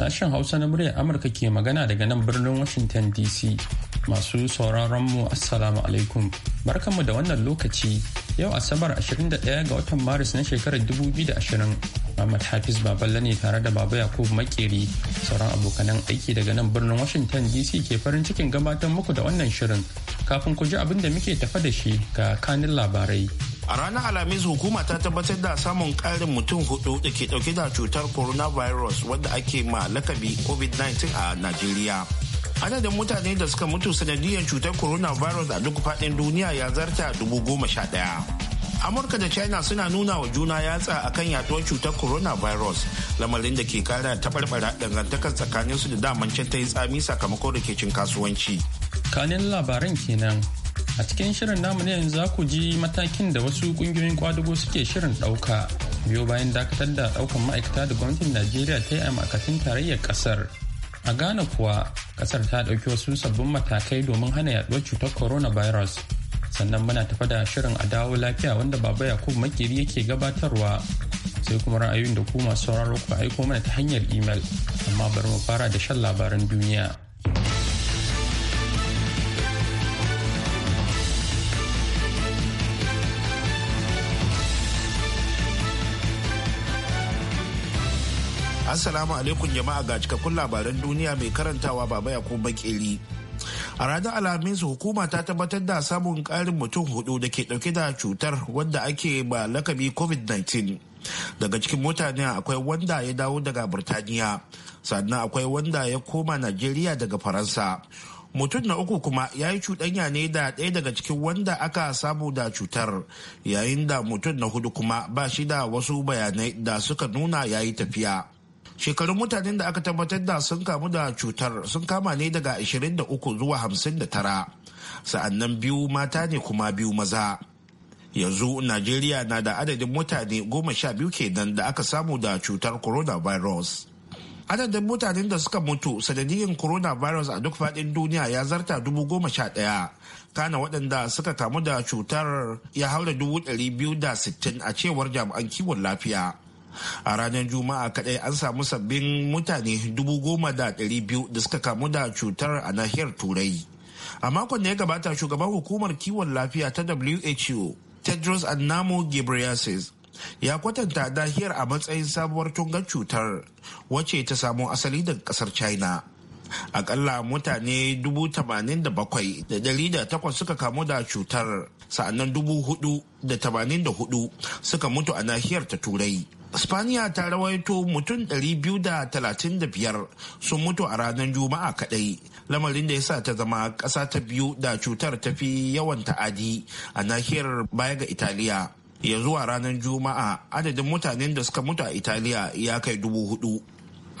Sashen Hausa na muryar Amurka ke magana daga nan birnin Washington DC. Masu sauraron mu Assalamu alaikum. Barkanmu da wannan lokaci yau Asabar 21 ga watan Maris na shekarar 2020. Muhammad Hafiz Baballe ne tare da Baba Yakub Makeri sauran abokanan aiki daga nan birnin Washington DC ke farin cikin gabatar muku da wannan shirin. Kafin ku ji abin da muke tafa da shi ga kanin labarai. a ranar alhamis hukuma ta tabbatar da samun karin mutum hudu da ke dauke da cutar coronavirus wadda ake ma lakabi covid-19 a najeriya adadin mutane da suka mutu sanadiyar cutar coronavirus a duk faɗin duniya ya zarta dubu goma sha ɗaya. amurka da china suna nuna wa juna yatsa a kan yaduwar cutar coronavirus lamarin da ke kara taɓarɓara dangantakar tsakaninsu da daman can ta yi tsami sakamakon rikicin kasuwanci kanin labaran kenan A cikin shirin namu ne yanzu ku ji matakin da wasu kungiyoyin kwadugo suke shirin ɗauka biyo bayan dakatar da daukan ma'aikata da gwamnatin Najeriya ta yi a makafin tarayyar ƙasar. A Ghana kuwa ƙasar ta ɗauki wasu sabbin matakai domin hana yaduwar cutar corona coronavirus. Sannan muna tafa da shirin a dawo lafiya wanda Baba yakub Makeri yake gabatarwa. Sai kuma ra'ayoyin da ku masu sauraro ku aiko mana ta hanyar imel. Amma bari mu fara da shan labaran duniya. Assalamu alaikum jama'a ga cikakkun labaran duniya mai karantawa baba ya ko bakeli. A ranar Alhamis hukuma ta tabbatar da samun karin mutum hudu da ke dauke da cutar wanda ake ba lakabi COVID-19. Daga cikin mutane akwai wanda ya dawo daga Birtaniya, sannan akwai wanda ya koma Najeriya daga Faransa. mutum na uku kuma ya yi cuɗanya ne da ɗaya daga cikin wanda aka samu da cutar yayin da mutum na hudu kuma ba shi da wasu bayanai da suka nuna ya yi tafiya shekarun mutanen da aka tabbatar da sun kamu da cutar sun kama ne daga 23 zuwa 59 sa'annan biyu mata ne kuma biyu maza yanzu najeriya na da adadin mutane goma sha biyu kenan da aka samu da cutar coronavirus adadin mutanen da suka mutu sanadiyyar coronavirus a duk faɗin duniya ya zarta dubu goma sha ɗaya kana waɗanda suka kamu da cutar ya haura dubu ɗari biyu da sittin a cewar jami'an kiwon lafiya a ranar juma'a kadai an samu sabbin mutane dubu goma da ɗari biyu da suka kamu da cutar a nahiyar turai a makon da ya gabata shugaban hukumar kiwon lafiya ta who tedros adnamo ghebreyesus ya kwatanta nahiyar a matsayin sabuwar tungan cutar wacce ta samo asali daga kasar china akalla mutane da da 87,108 suka kamu da cutar sa'annan hudu suka mutu a nahiyar ta turai Spaniya ta rawaito mutum 235 sun mutu a ranar Juma'a kadai, lamarin da ya sa ta zama ƙasa ta biyu da cutar ta fi yawan ta'adi a nahiyar baya ga Italiya. Ya zuwa ranar Juma'a adadin mutanen da suka mutu a Italiya ya kai dubu hudu.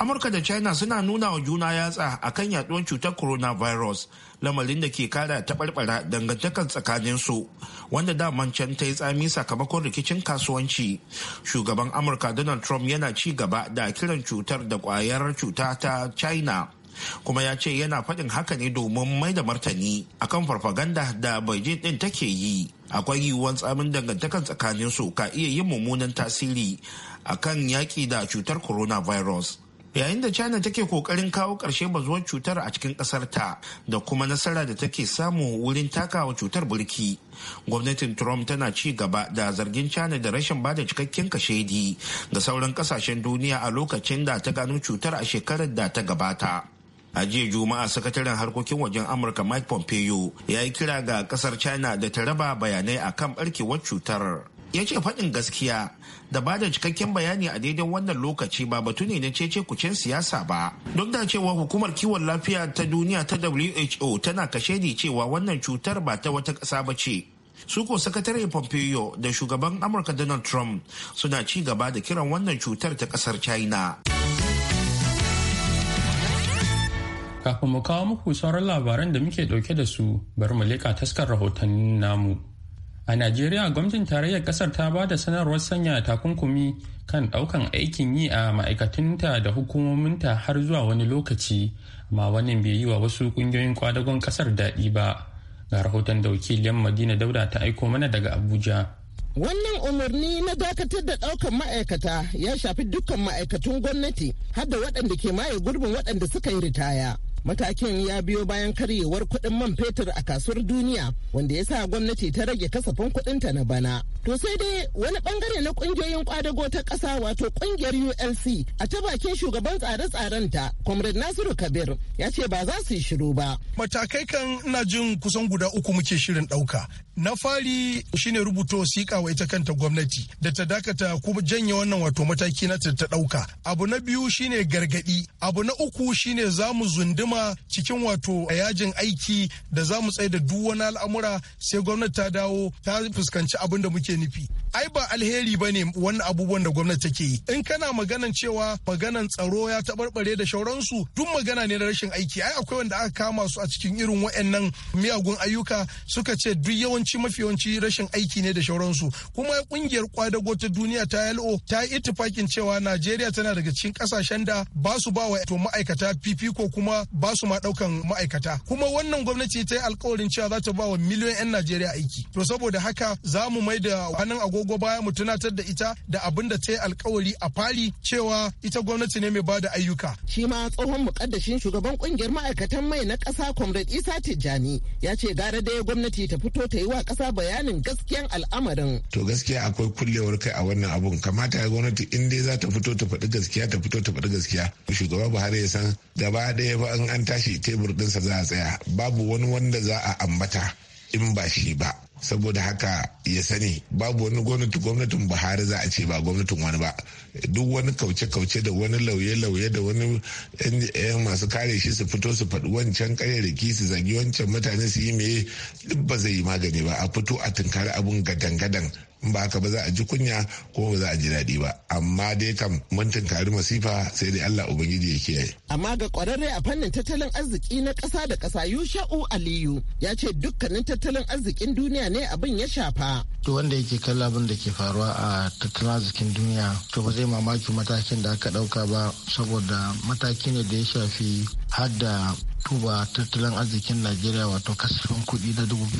amurka da china suna nuna wa juna yatsa a kan yaduwar cutar coronavirus lamarin da ke kara taɓarɓara dangantakar tsakaninsu wanda daman can ta yi tsami sakamakon rikicin kasuwanci shugaban amurka donald trump yana ci gaba da kiran cutar da kwayar cuta ta china kuma ya ce yana faɗin haka ne domin mai da martani akan farfaganda da beijing ɗin take yi akwai yiwuwar tsamin tsakanin tsakaninsu ka iya yin mummunan tasiri akan yaƙi da cutar coronavirus yayin da china take kokarin kawo karshe bazuwar cutar a cikin ƙasarta da kuma nasara da take samu wurin takawa cutar burki gwamnatin trump tana ci gaba da zargin china da rashin bada cikakken kashedi ga sauran kasashen duniya a lokacin da ta gano cutar a shekarar da ta gabata a jiya juma'a sakataren harkokin wajen amurka mike pompeo ya yi kira ga kasar china da ta raba bayanai akan barkewar cutar ya ce faɗin gaskiya da ba da cikakken bayani a daidai wannan lokaci ba batu ne na cece kucin siyasa ba duk da cewa hukumar kiwon lafiya ta duniya ta who tana kashe ni cewa wannan cutar ba ta wata ƙasa ba ce su suko sakatare pompeo da shugaban amurka donald trump suna ci gaba da kiran wannan cutar ta ƙasar china kafin mu kawo muku sauran labaran da muke dauke da su bari mu leka taskar rahotannin namu a najeriya gwamnatin tarayyar kasar ta ba da sanarwar sanya takunkumi kan daukan aikin yi a ma'aikatunta da hukumominta har zuwa wani lokaci amma wannan bai yi wa wasu kungiyoyin kwadagon kasar daɗi ba ga rahoton da wakiliyan madina dauda ta aiko mana daga abuja Wannan umarni na dakatar da ɗaukan ma'aikata ya shafi dukkan ma'aikatun gwamnati har da waɗanda ke maye gurbin waɗanda suka yi ritaya. Matakin ya biyo bayan karyewar kuɗin man fetur a kasuwar duniya wanda ya sa gwamnati ta rage kasafin ta na bana. To sai dai wani bangare na ƙungiyoyin kwadago ta ƙasa wato ƙungiyar ULC a ta bakin shugaban tsare-tsaren ta Comrade Nasiru Kabir ya ce ba za su yi shiru ba. Matakai kan ina jin kusan guda uku muke shirin ɗauka. Na fari shine rubuta wasiƙa wa ita kanta gwamnati da ta dakata kuma janye wannan wato mataki na ta ɗauka. Abu na biyu shine gargaɗi. Abu na uku shine zamu mu tsunduma cikin wato a yajin aiki da za mu tsaye da duk wani al'amura sai gwamnati ta dawo ta fuskanci abin da muke nufi ai ba alheri ba ne wani abubuwan da gwamnati take yi in kana maganan cewa maganan tsaro ya taɓarɓare da shauransu duk magana ne na rashin aiki ai akwai wanda aka kama su a cikin irin waɗannan miyagun ayyuka suka ce duk yawanci mafi yawanci rashin aiki ne da shauransu kuma kungiyar kwadago ta duniya ta yalo ta yi ittifakin cewa najeriya tana daga cikin kasashen da ba su ba wa to ma'aikata fifiko kuma ba su ma ɗaukan ma'aikata kuma wannan gwamnati ta yi alkawarin cewa za ta ba wa miliyoyin 'yan najeriya aiki to saboda haka za mu mai da hannun agogo agogo baya mu tunatar da ita da abin da ta yi alkawari a fali cewa ita gwamnati ne mai bada ayyuka. Shi ma tsohon mukaddashin shugaban kungiyar ma'aikatan mai na ƙasa Comrade Isa Tijjani ya ce gara ya gwamnati ta fito ta yi wa ƙasa bayanin gaskiyan al'amarin. To gaskiya akwai kullewar kai a wannan abun kamata ya gwamnati in dai za ta fito ta faɗi gaskiya ta fito ta faɗi gaskiya. Shugaba Buhari ya san gaba ɗaya ba an tashi tebur ɗinsa za a tsaya babu wani wanda za a ambata in ba shi ba. saboda haka ya sani babu wani gwamnati gwamnatin buhari za a ce ba gwamnatin wani ba duk wani kauce-kauce da wani lauye-lauye da wani yan masu kare shi su fito su faɗi wancan ƙayyarki su zagi wancan mutane su yi meye duk ba zai yi magani ba a fito a tunkari abun gadan-gadan ba haka ba za a ji kunya ko ba za a ji daɗi ba amma dai kam mun tunkari masifa sai dai Allah ubangiji ya kiyaye amma ga kwararre a fannin tattalin arziki na ƙasa da ƙasa Yusha'u Aliyu ya ce dukkanin tattalin arzikin duniya ne abin ya shafa. To wanda yake kalla abin da ke faruwa a tattalin arzikin duniya to ba zai mamaki matakin da aka ɗauka ba saboda mataki ne da ya shafi har tuba tattalin arzikin Najeriya wato kasafin kuɗi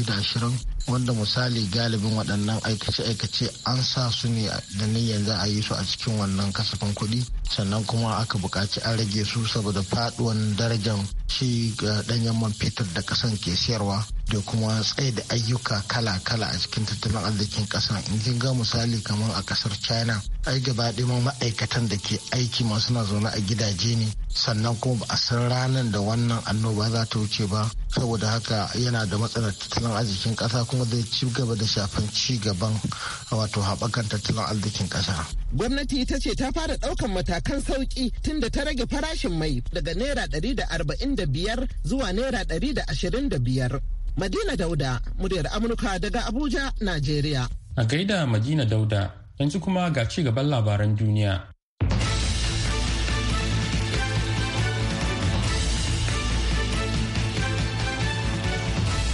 na ashirin. wanda misali galibin waɗannan aikace-aikace an sa su ne da ni yanzu a yi su a cikin wannan kasafin kuɗi sannan kuma aka buƙaci an rage su saboda faɗuwan darajar shi ga eh, ɗanyen man fetur da ƙasan ke siyarwa da kuma tsaye da ayyuka kala-kala a cikin tattalin arzikin ƙasa in kin ga misali kamar a ƙasar china ai gaba ɗaya ma'aikatan da ke aiki masu na zaune a gidaje ne sannan kuma ba a san ranar da wannan annoba za ta wuce ba saboda haka yana da matsalar tattalin arzikin ƙasa kuma zai ci gaba da shafan ci gaban wato haɓakan tattalin arzikin ƙasa. Gwamnati ita ce ta fara ɗaukan matakan sauƙi tun da ta rage farashin mai daga naira ɗari da arba'in da biyar zuwa naira ɗari da ashirin da biyar. Madina Dauda, muryar Amurka daga Abuja, Najeriya. A gaida Madina Dauda, yanzu kuma ga ci gaban labaran duniya.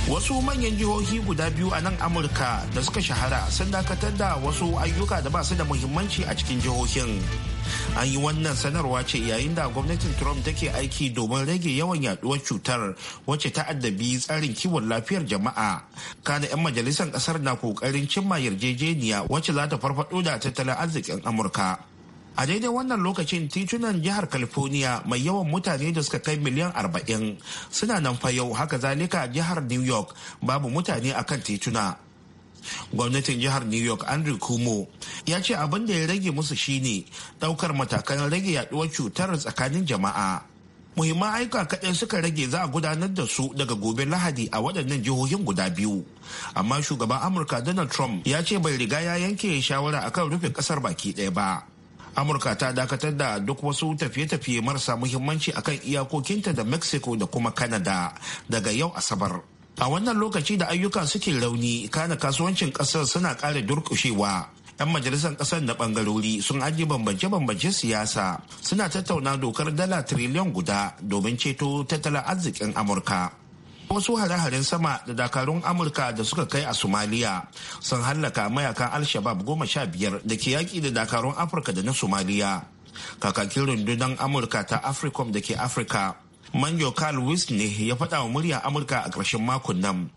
wasu manyan jihohi guda biyu a nan amurka da suka shahara sun dakatar da wasu ayyuka da ba su da muhimmanci a cikin jihohin an yi wannan sanarwa ce yayin da gwamnatin trump take aiki domin rage yawan yaduwar cutar wacce ta addabi tsarin kiwon lafiyar jama'a kana 'yan majalisar kasar na kokarin cimma yarjejeniya wacce za ta farfado da tattalin arzikin amurka a daidai wannan lokacin titunan jihar california mai yawan mutane da suka kai miliyan 40 suna nan fa yau haka zalika jihar new york babu mutane akan tituna gwamnatin jihar new york andrew kumo ya ce abin da ya rage musu shine daukar matakan rage yaduwar cutar tsakanin jama'a muhimman aika kaɗai suka rage za a gudanar da su daga gobe lahadi a waɗannan jihohin guda biyu amma shugaban amurka donald trump ya ce bai riga ya yanke shawara akan rufe ƙasar baki ɗaya ba amurka ta dakatar da duk wasu tafiye-tafiye marasa muhimmanci akan iyakokinta da mexico da kuma canada daga yau asabar a wannan lokaci da ayyuka suke rauni kana kasuwancin kasar suna ƙara durkushewa 'yan majalisar kasar na bangarori sun ajiye bambance-bambance siyasa suna tattauna dokar dala triliyan guda domin ceto tattalin arzikin amurka wasu hare-haren sama da dakarun amurka da suka kai a somaliya sun hallaka mayakan alshabab goma sha biyar da ke yaƙi da dakarun afirka da na somaliya kakakin rundunar amurka ta africom da ke afirka manjo carl ne ya faɗa wa murya amurka a ƙarshen makon nan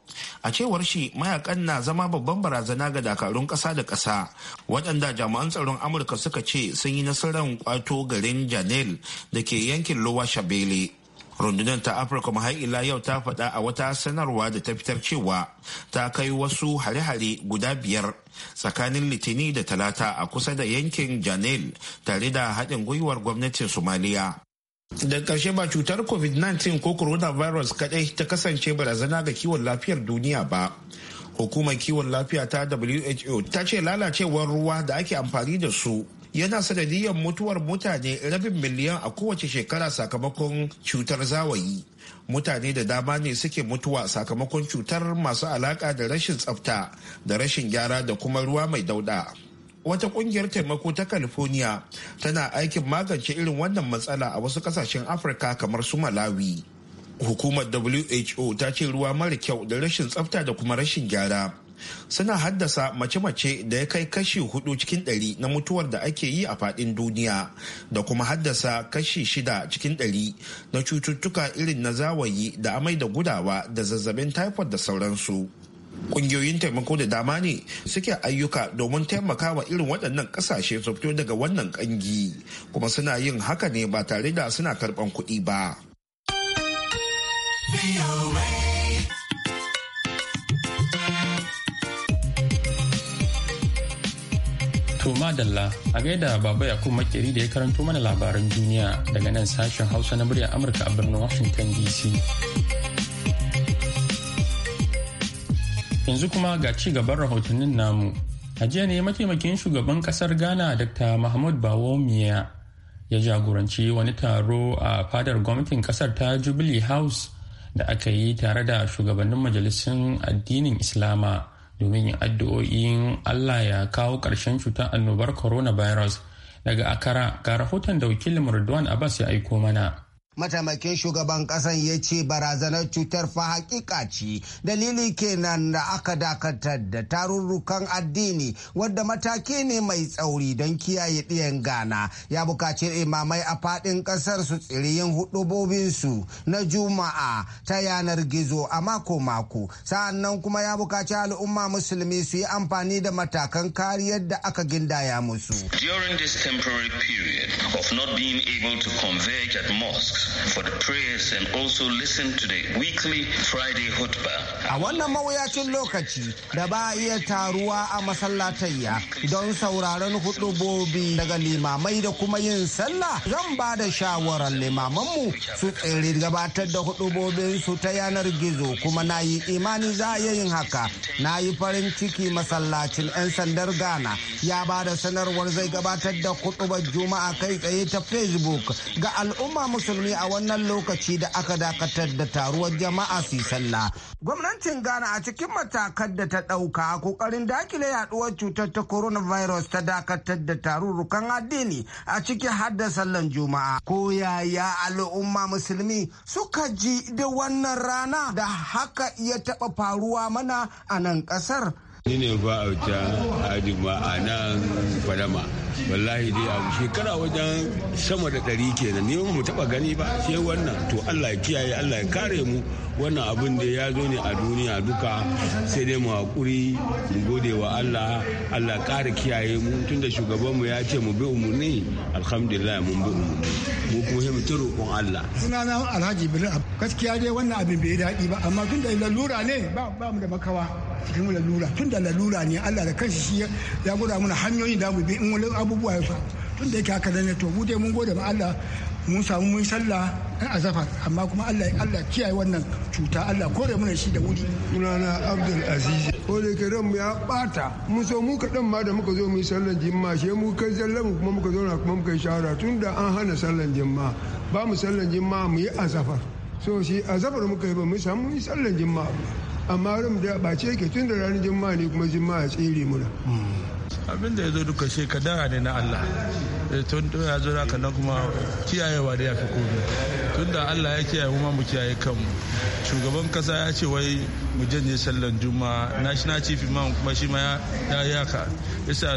a cewar shi mayakan na zama babban barazana ga dakarun ƙasa da ƙasa waɗanda jami'an tsaron amurka suka ce sun yi nasarar kwato garin janel da ke yankin lowa shabele rundunar ta afirka ma ila yau ta faɗa a wata sanarwa da ta fitar cewa ta kai wasu hare-hare guda biyar tsakanin litini da talata a kusa da yankin janel tare da haɗin gwiwar gwamnatin somaliya da ƙarshe ba cutar covid-19 ko coronavirus kaɗai ta kasance barazana ga kiwon lafiyar duniya ba hukumar kiwon lafiya ta who ta ce lalacewar ruwa da ake amfani da su yana sanadiyar mutuwar mutane rabin miliyan a kowace shekara sakamakon cutar zawayi mutane da dama ne suke mutuwa sakamakon cutar masu alaka da rashin tsafta da rashin gyara da kuma ruwa mai dauda wata kungiyar taimako ta california tana aikin magance irin wannan matsala a wasu kasashen afirka kamar su malawi hukumar who ta ce ruwa mara kyau da rashin tsafta da kuma rashin gyara suna haddasa mace-mace da ya kai kashi hudu cikin ɗari na mutuwar da ake yi a faɗin duniya da kuma haddasa kashi shida cikin ɗari na cututtuka irin na zawayi da amai da gudawa da zazzabin taifot da sauransu kungiyoyin taimako da dama ne suke ayyuka domin taimakawa irin waɗannan ƙasashe su fito daga wannan ƙangi kuma suna yin haka ne ba tare da suna karɓan kuɗi ba. wato madalla a gaida baba Yakubu makeri da ya karanto mana labaran duniya daga nan sashen Hausa na murya Amurka a birnin Washington DC. Yanzu kuma ga ci gaban rahotannin namu. A jiya ne mataimakin shugaban kasar Ghana Dr. Mahmud bawomiya ya jagoranci wani taro a fadar gwamnatin kasar ta Jubilee House da aka yi tare da shugabannin majalisun addinin Islama. domin yin addu'o'in Allah ya kawo ƙarshen cutar annobar coronavirus daga akara ga rahoton da wakilin a Abbas ya aiko mana. mataimakin shugaban kasan ya ce barazanar cutar fa hakika ce dalili kenan da aka dakatar da tarurrukan addini wadda mataki ne mai tsauri don kiyaye ɗiyan gana ya bukaci imamai a faɗin ƙasar su tsiri yin hudubobinsu na juma'a ta yanar gizo a mako-mako sa'annan kuma ya bukaci al'umma musulmi su yi amfani da matakan kariyar da aka gindaya musu during this temporary period of not being able to converge at mosques for the prayers and also listen to the weekly Friday hutba. A wannan mawuyacin lokaci da ba a iya taruwa a masallatayya don sauraron hudubobi daga limamai da kuma yin sallah zan ba da shawarar limamanmu su tsere gabatar da hudubobinsu ta yanar gizo kuma na yi imani za a yin haka na yi farin ciki masallacin 'yan sandar ghana ya ba da sanarwar zai gabatar da hudubar juma'a kai tsaye ta facebook ga al'umma musulmi a wannan lokaci da aka dakatar da taruwar jama'a su sallah. Gwamnatin Ghana a cikin matakan da ta ɗauka kokarin dakile yaduwar cutar ta coronavirus ta dakatar da tarurrukan addini a cikin har da sallan juma'a. Ko yaya al'umma musulmi suka ji da wannan rana da haka ya taɓa faruwa mana a nan ƙasar. Ni ne ba a wuta a nan Fadama. wallahi dai abu shekara wajen sama da ɗari kenan ne mu taɓa gani ba sai wannan to allah ya kiyaye allah ya kare mu wannan abin da ya zo ne a duniya duka sai dai mu haƙuri mu gode wa allah allah ƙara kiyaye mu da shugabanmu ya ce mu bi umarni alhamdulillah mun bi umarni mu kuma sai mu ci roƙon allah sunana alhaji ibrahim gaskiya dai wannan abin bai daɗi ba amma tun da lalura ne ba mu da makawa cikin lalura tun da lalura ne allah da kanshi shi ya gura mana hanyoyin da mu bi in wani abubuwa ya faru tun da yake haka ne to mu dai mun gode ma Allah mun samu mun sallah a azafar amma kuma Allah Allah kiyaye wannan cuta Allah kore mana shi da wuri sunana Abdul Aziz ko da ke ranmu ya bata mun so mu kadan ma da muka zo mu yi sallan jimma she mu kai sallan mu kuma muka na kuma muka yi shahara tun da an hana sallan jimma ba mu sallan jimma mu yi azafar so shi azafar muka yi ba mu samu mun yi sallan jimma amma rum da ɓace yake tun da ranar juma'a ne kuma juma'a tsere muna abin da ya zo duka shi kadara ne na Allah eh, tun da ya zo raka nan kuma kiyayewa da ya fi komi tun da Allah ya kiyaye kuma mu kiyaye kanmu shugaban kasa ya ce wai mu janye sallan juma'a national chief imam kuma shi ma ya yi haka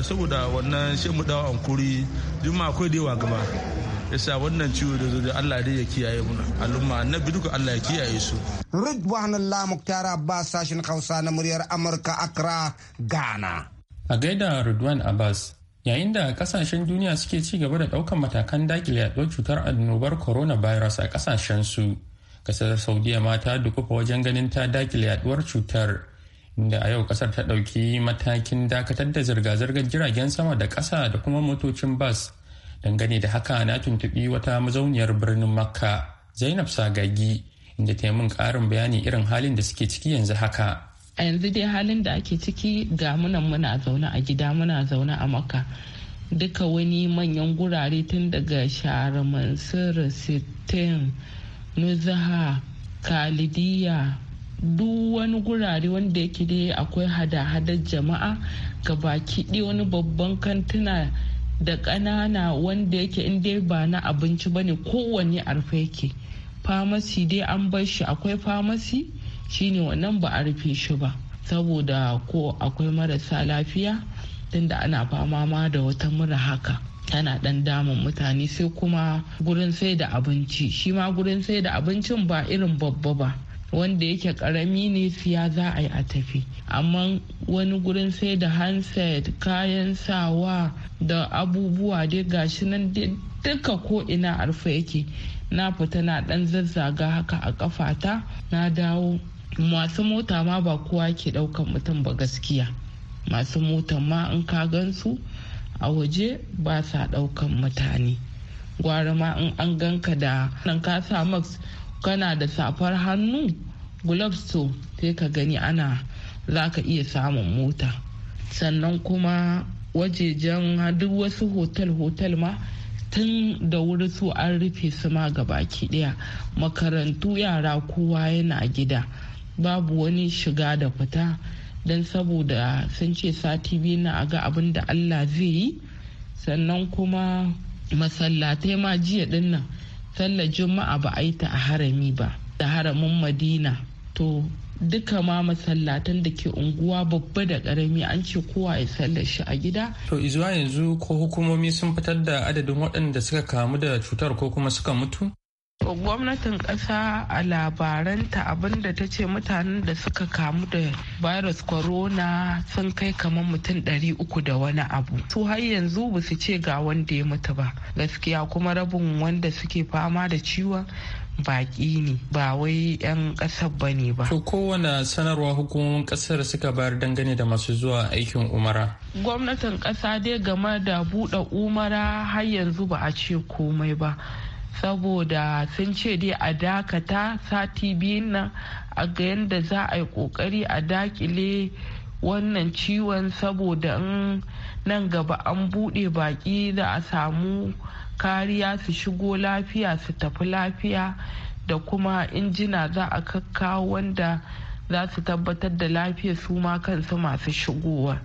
saboda wannan shi mu dawo kuri juma'a akwai da yawa gaba yasa wannan ciwo da zo Allah dai ya kiyaye muna al'umma annabi duka Allah ya kiyaye su Ridwan Allah Muktar Abbas sashin Hausa na muryar Amurka Accra Ghana a gaida Ridwan Abbas yayin da kasashen duniya suke ci gaba da daukan matakan dakile yaduwar cutar annobar corona virus a kasashen su kasar saudiya ma ta dukufa wajen ganin ta dakile yaduwar cutar inda a yau kasar ta dauki matakin dakatar da zirga-zirgar jiragen sama da kasa da kuma motocin bas dangane da haka na tuntubi wata mazauniyar birnin makka zainab sagagi inda ta min ƙarin bayani irin halin da suke ciki yanzu haka a yanzu dai halin da ake ciki ga munan muna zaune a gida muna zaune a makka duka wani manyan gurare tun daga shahar mansur sittin nuzaha kalidiya duk wani gurare wanda yake dai akwai hada-hadar jama'a ga baki wani babban kantuna da ƙanana wanda yake in dai ba na abinci ba ne kowane a rufe yake famasi dai an bar shi akwai famasi shine wannan ba a rufe shi ba saboda ko akwai marasa lafiya tunda ana fama ma da wata mura haka tana ɗan damun mutane sai kuma gurin sai da abinci shi ma gurin sai da abincin ba irin babba ba wanda yake karami ne siya za a yi a tafi amma wani gurin sai da handset kayan sawa da abubuwa dai gashi nan duka ko ina arfa yake na fita na dan zazzaga haka a kafata na dawo masu mota ma ba kowa ke daukan mutum ba gaskiya masu mota ma in ka gansu a waje ba sa daukan mutane gwara ma in an ganka da nan ka sa max kana da safar hannu gloves sai ka gani ana za ka iya samun mota sannan kuma wajejen duk wasu hotel-hotel ma tun da wuri su an rufe su ma baki daya makarantu yara kowa yana gida babu wani shiga da fita don saboda sun ce sati biyu na aga abin da allah zai yi sannan kuma masallatai ma jiya dinnan sallar juma'a ba a yi ta a harami ba da haramin madina to duka ma masallatan da ke unguwa babba da karami an ce kowa ya sallar shi a gida. To izuwa yanzu ko hukumomi sun fitar da adadin waɗanda suka kamu da cutar ko kuma suka mutu? gwamnatin ƙasa a labaranta abinda ta ce mutanen da suka kamu da virus corona sun kai kamar mutum ɗari uku da wani abu su har yanzu ba su ce ga wanda ya mutu ba gaskiya kuma rabin wanda suke fama da ciwon baki ne ba wai 'yan kasar ba ne ba. To kowane sanarwa hukumomin ƙasar suka bayar dangane da masu zuwa aikin umara. Gwamnatin ƙasa dai game da buɗe umara har yanzu ba a ce komai ba. saboda sun ce dai a dakata sati biyun nan a ga yadda za a yi kokari a dakile wannan ciwon saboda in nan gaba an buɗe baƙi da a samu kariya su shigo lafiya su tafi lafiya da kuma injina za a kakkawo wanda za su tabbatar da lafiya su ma kansu masu shigowa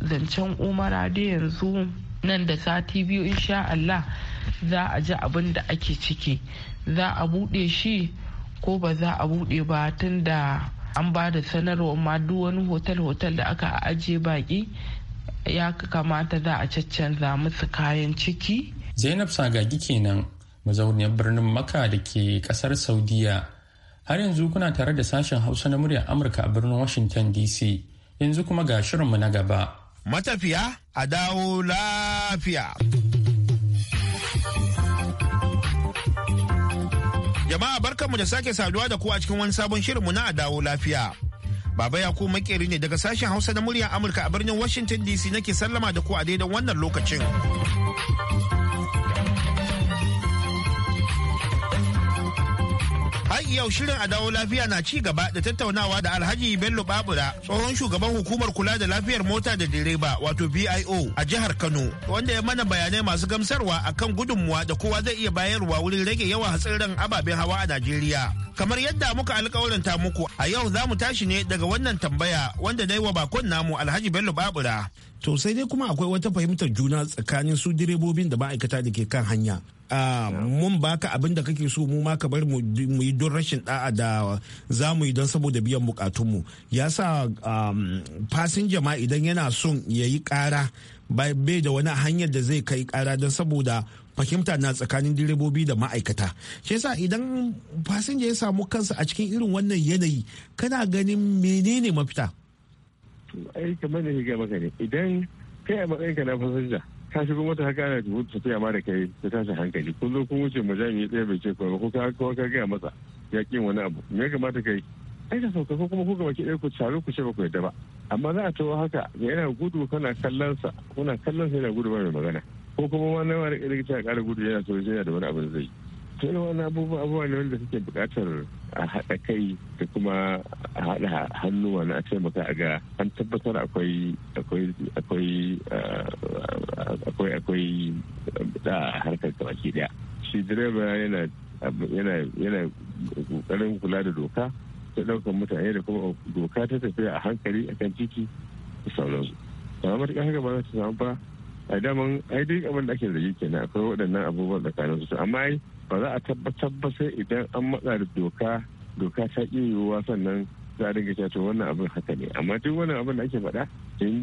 zancen umara da yanzu nan da sati biyu insha Allah za a ji abin da ake ciki za a buɗe shi ko ba za a buɗe ba tun da an ba da sanarwa ma duk wani hotel-hotel da aka ajiye baƙi ya kamata za a caccanza musu kayan ciki. zainab sagagi kenan mazauniyar birnin maka da ke kasar saudiya har yanzu kuna tare da sashen hausa na muryar amurka a birnin washington dc yanzu kuma ga shirinmu na gaba matafiya a dawo lafiya Jama'a barkanmu da sake saduwa da ku a cikin wani sabon shirinmu na dawo lafiya. Baba ya ku makeri ne daga sashen Hausa na muryar Amurka a birnin Washington DC nake sallama da ku a daidan wannan lokacin. yau shirin a dawo lafiya na ci gaba da tattaunawa da Alhaji Bello Babura tsohon shugaban hukumar kula da lafiyar mota da direba wato BIO a jihar Kano wanda ya mana bayanai masu gamsarwa akan gudunmuwa da kowa zai iya bayarwa wurin rage yawan hatsarin ababen hawa a Najeriya. Kamar yadda muka alkawarinta muku a yau za mu tashi ne daga wannan tambaya wanda na yi wa bakon namu Alhaji Bello Babura. To sai dai kuma akwai wata fahimtar juna tsakanin su direbobin da ma'aikata da ke kan hanya. Ah, mun baka abin da kake so mu ma ka bar mu yi don rashin da'a da za mu yi don saboda biyan bukatunmu ya sa um, fasinja ma idan yana son ya yi kara bai da wani hanyar da zai kai kara don saboda fahimta na tsakanin direbobi da ma'aikata shi yasa idan fasinja ya samu kansa a cikin irin wannan yanayi kana ganin menene mafita kamar ne idan kai a ka na fasinja ka shigo mota haka ana tafiya ma da kai ta tashi hankali kun zo kun wuce yi tsaye bai ce ko ko ka ka gaya masa ya kin wani abu me ya kamata kai ai da sauka ko kuma ku gaba ki ɗaya ku taru ku ce ba ku yadda ba amma za a tawo haka da yana gudu kana kallon sa kuna kallon sa yana gudu ba mai magana ko kuma wani wani rikicin a ƙara gudu yana so yana da wani abin zai yi irin wani abubuwa abubuwa ne wanda suke buƙatar a haɗa kai da kuma a haɗa hannu wani a taimaka a ga an tabbatar akwai akwai akwai eh, akwai da harkar daya shi direba yana yana ƙoƙarin kula da doka ta ɗaukar mutane da kuma doka ta tafiya a hankali a kan titi da sauransu amma matuƙar haka ba za ta samu ba a daman ai duk abin da ake zargi kenan akwai waɗannan abubuwan tsakaninsu amma ai ba za a tabbatar ba sai idan an matsa da doka doka ta yiwuwa sannan za a dinga cewa wannan abin haka ne amma duk wannan abin da ake faɗa in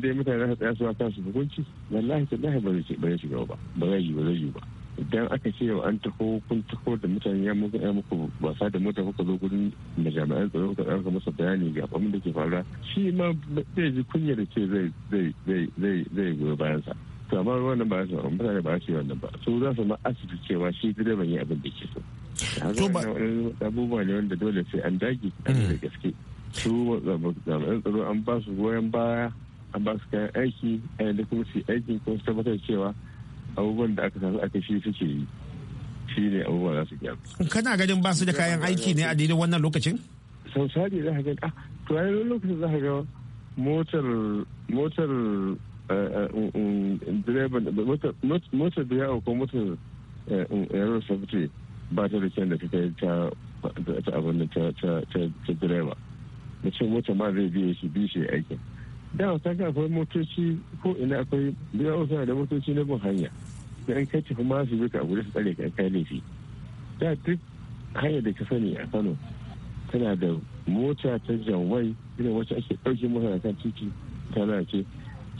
dai mutane za tsaya su kansu su hukunci wallahi lahi ba zai ci gaba ba ba zai yi ba zai yi ba idan aka ce yau an taho kun taho da mutane ya muku ya muku wasa da mota kuka zo gurin da jami'an tsaro kuka tsaya masa bayani ga abin da ke faruwa shi ma zai ji kunya da ce zai zai zai zai goyi bayansa to wannan ba su mutane ba su yi wannan ba su za su ma asibiti cewa shi direban yi abin da ke so to ba abubuwa ne wanda dole sai an dage da mm. gaske su jami'an tsaro an ba su goyon baya an ba su kayan aiki da kuma su aikin kuma su tabbatar cewa abubuwan da aka samu aka shi suke yi shi ne abubuwa za su gyaru. kana ganin ba su da kayan aiki ne a daidai wannan lokacin? sau sari za ka gani a ah, to a lokacin za ka ga motar motar direban motar da yawo ko motar yaron eh, um, safety ba ta da kyan da ta kai ta abin ta direba da ce mota ma zai biye shi bi shi aikin da ta ga akwai motoci ko ina akwai biya suna da motoci na bin hanya da an kai tafi ma su duka a gudu su tsare ka kai laifi da duk hanyar da ka sani a kano tana da mota ta janwai irin wacce ake ɗauke mota kan titi ta lalace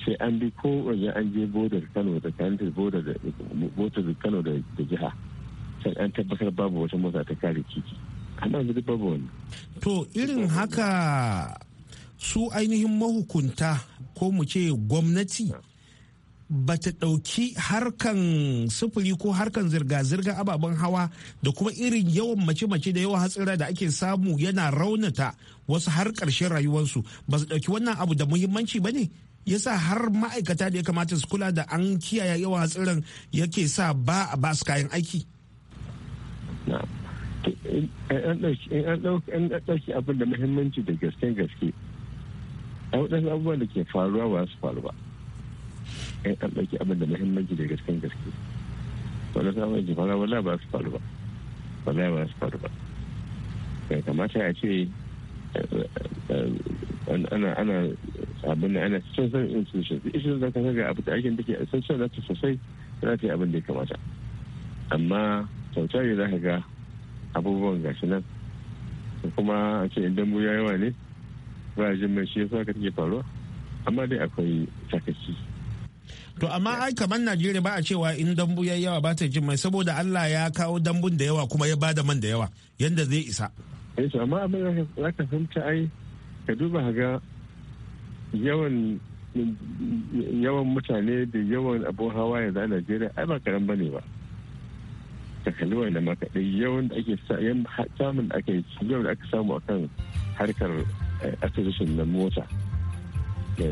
sai an bi ko wajen an je bodar kano da kantar bodar da kano da jiha sai an tabbatar babu wata mota ta kare titi ana zuri babu wani to irin haka su ainihin mahukunta ko mu ce gwamnati ba ta ɗauki harkan sufuri ko harkan zirga-zirga ababen hawa da kuma irin yawan mace-mace da yawan hatsira da ake samu yana raunata wasu har ƙarshen rayuwarsu ba su ɗauki wannan abu da muhimmanci ba ne? yasa har ma'aikata da ya kamata su kula da an kiyaye yawa tsirin yake sa ba a ba su kayan aiki in an ɗauki abin da muhimmanci da gaske gaske a waɗansu abubuwan da ke faruwa ba su faru ba in an ɗauki abin da muhimmanci da gaske gaske waɗansu abubuwan da faruwa wala ba su faru ba wala ba su faru ba kamata ya ce eh, eh, eh, ana abin da ana son san institutions institutions da kasar ga abu da ake da ke essential za ta sosai za ta yi abin da ya kamata amma sauta ne za ka ga abubuwan gashi nan kuma a ce idan mu yawa ne ba jin mai shi yasa ka take faruwa amma dai akwai takaci To amma ai kamar Najeriya ba a cewa in dambu ya yawa ba ta jin mai saboda Allah ya kawo dambun da yawa kuma ya bada man da yawa yanda zai isa. Eh amma abin za ka fahimta ai ka duba ga yawan mutane da yawan abin hawa yanzu a najeriya ai ba karan bane ba ta kalli wani ma kaɗai yawan da ake samun da ake yawan da aka samu akan harkar eh, acquisition na mota da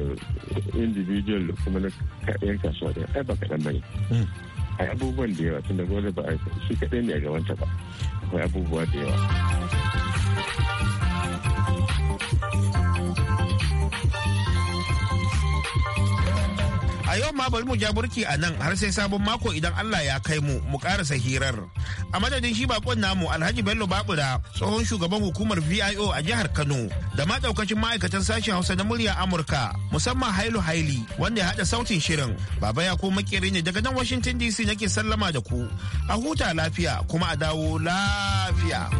individual kuma na yan kasuwa da ai ba kaɗan bane hmm. a abubuwan da yawa tun da gwada ba a shi kaɗai ne a gabanta ba akwai abubuwa da yawa A yau ma bari mu ja burki a nan har sai sabon mako idan Allah ya kai mu mu karasa hirar. A madadin shi bakon namu Alhaji Bello Babura tsohon shugaban hukumar VIO a jihar Kano da ma daukacin ma'aikatan sashen Hausa na murya Amurka musamman Hailu Haili wanda ya hada sautin shirin. Baba ya ko makere ne daga nan Washington DC nake sallama da ku. A huta lafiya kuma a dawo lafiya.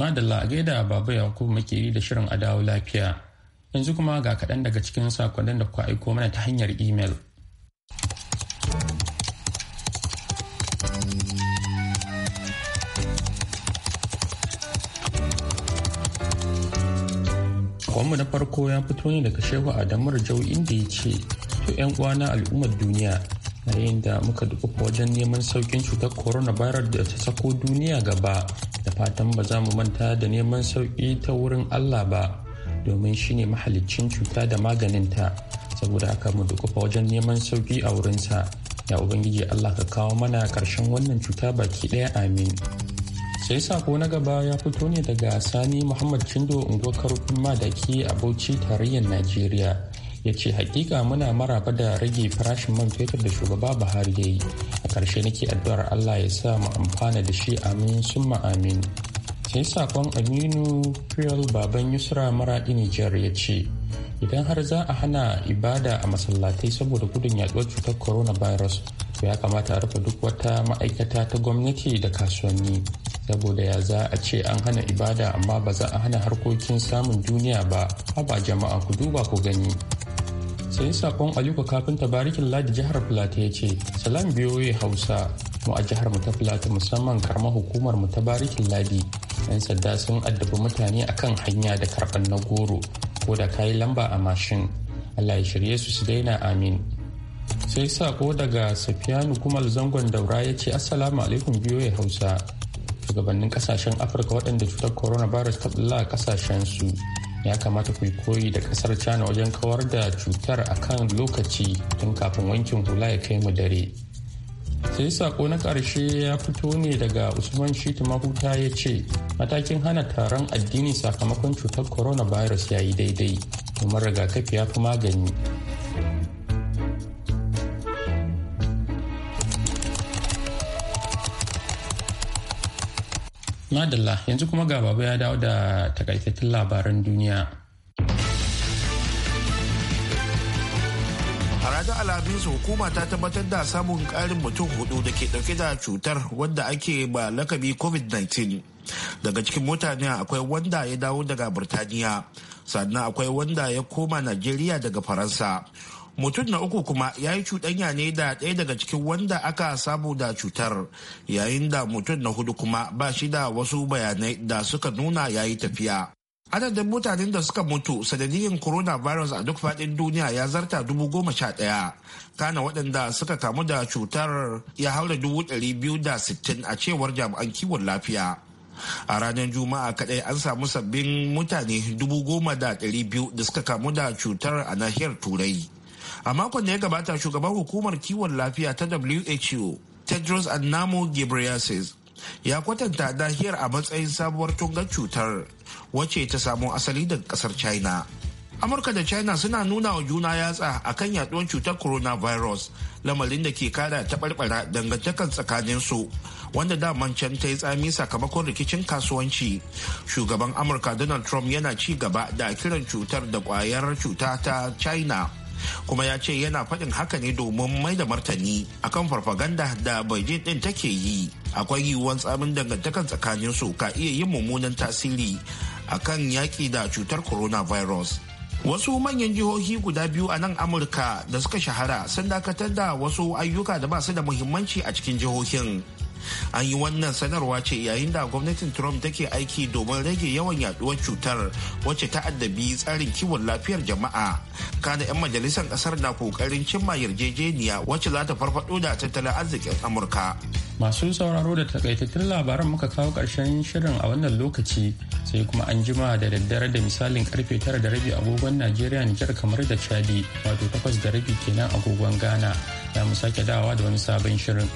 Madalla a gaida Baba Yakubu Makeri da shirin Adawo Lafiya. Yanzu kuma ga kaɗan daga cikin sakonnin da kuka aiko mana ta hanyar imel. Kwanmu na farko ya fito ne daga Shehu Adamu Rajau inda ya ce, To 'yan uwana al'ummar duniya, yayin da muka dukufa wajen neman saukin cutar coronavirus da ta sako duniya gaba da fatan ba za mu manta da neman sauƙi ta wurin Allah ba domin shi ne mahalicin cuta da maganinta saboda haka mu dukufa wajen neman sauƙi a wurinsa ya ubangiji Allah ka kawo mana ƙarshen wannan cuta baki ɗaya amin sai sako na gaba ya fito ne daga sani muhammad cindo unguwar karfin madaki a bauchi tarayyar najeriya ya ce hakika muna maraba da rage farashin man fetur da shugaba buhari ya yi a ƙarshe nake addu'ar allah ya sa mu amfana da shi amin summa amin sai sakon aminu fiyal baban yusra Mara nijar ya ce idan har za a hana ibada a masallatai saboda gudun yaduwar cutar coronavirus to ya kamata a rufe duk wata ma'aikata ta gwamnati da kasuwanni saboda ya za a ce an hana ibada amma ba za a hana harkokin samun duniya ba haba jama'a ku duba ku gani sai sakon aliko kafinta barikin ladi jihar filata ya ce salam biyoyi hausa mu a jihar mu ta filata musamman karma hukumar mu ta barikin ladi yan sadda sun addabi mutane a kan hanya da karɓar na goro ko da kayi lamba a mashin allah ya shirye su su daina amin sai sako daga safiyanu kuma zangon daura ya ce assalamu alaikum biyoyi hausa shugabannin kasashen afirka waɗanda cutar coronavirus ta bulla a kasashen su ya kamata ku yi koyi da kasar china wajen kawar da cutar a kan lokaci tun kafin wankin hula ya kai mu dare sai sako na karshe ya fito ne daga usman shiti mahuta ya ce matakin hana taron addini sakamakon cutar coronavirus ya yi daidai kuma rigakafi ya fi magani Madalla yanzu kuma ga baba ya dawo da takaitattun labaran duniya. A ranar Alhamis hukuma ta tabbatar da samun ƙarin mutum hudu da ke dauke da cutar wanda ake ba lakabi COVID-19. Daga cikin mutane akwai wanda ya dawo daga Birtaniya, sannan akwai wanda ya koma Najeriya daga Faransa. mutum na uku kuma ya yi cuɗanya ne da ɗaya daga cikin wanda aka samu da cutar yayin da mutum na hudu kuma ba shi da wasu bayanai da suka nuna ya yi tafiya adadin mutanen da suka mutu sanadiyyar coronavirus a duk faɗin duniya ya zarta dubu goma sha ɗaya kana waɗanda suka kamu da cutar ya haura dubu ɗari biyu da sittin a cewar jami'an kiwon lafiya a ranar juma'a kaɗai an samu sabbin mutane dubu goma da ɗari biyu da suka kamu da cutar a nahiyar turai a makon da ya gabata shugaban hukumar kiwon lafiya ta who tedros adnamo ghebreyesus ya kwatanta dahiyar a matsayin sabuwar tungar cutar wacce ta samo asali daga kasar china amurka da china suna nuna wa juna yatsa a kan yaduwar cutar coronavirus lamarin da ke kada taɓarɓara tsakanin tsakaninsu wanda daman can ta yi tsami sakamakon rikicin kasuwanci shugaban amurka donald trump yana ci gaba da kiran cutar da kwayar cuta ta china kuma ya ce yana faɗin haka ne domin mai da martani akan farfaganda da beijing ɗin take yi akwai yiwuwan tsamin dangantakan su ka iya yin mummunan tasiri akan yaƙi da cutar coronavirus wasu manyan jihohi guda biyu a nan amurka da suka shahara sun dakatar da wasu ayyuka da ba su da muhimmanci a cikin jihohin an yi wannan sanarwa ce yayin da gwamnatin trump take aiki domin rage yawan yaduwar cutar wacce ta addabi tsarin kiwon lafiyar jama'a kada 'yan majalisar kasar na kokarin cimma yarjejeniya wacce za ta farfado da tattalin arzikin amurka masu sauraro da takaitattun labaran muka kawo karshen shirin a wannan lokaci sai kuma an jima da daddare da misalin karfe tara da rabi agogon najeriya nijar kamar da chadi wato takwas da rabi kenan agogon ghana da mu sake dawa da wani sabon shirin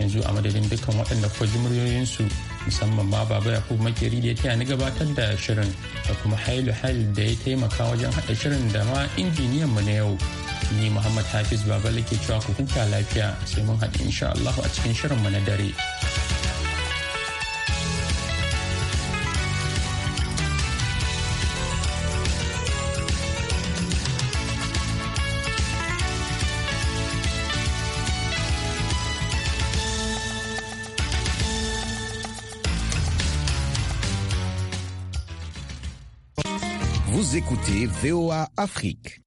yanzu a madadin dukkan waɗanda kuka muryoyinsu musamman ma baba ya kuma makeri da ya taya ni gabatar da shirin da kuma hailu hail da ya taimaka wajen haɗa shirin da ma injiniyan mu na yau ni muhammad hafiz baba ke cewa ku huta lafiya sai mun haɗu insha allahu a cikin shirin mu na dare. écoutez VOA Afrique.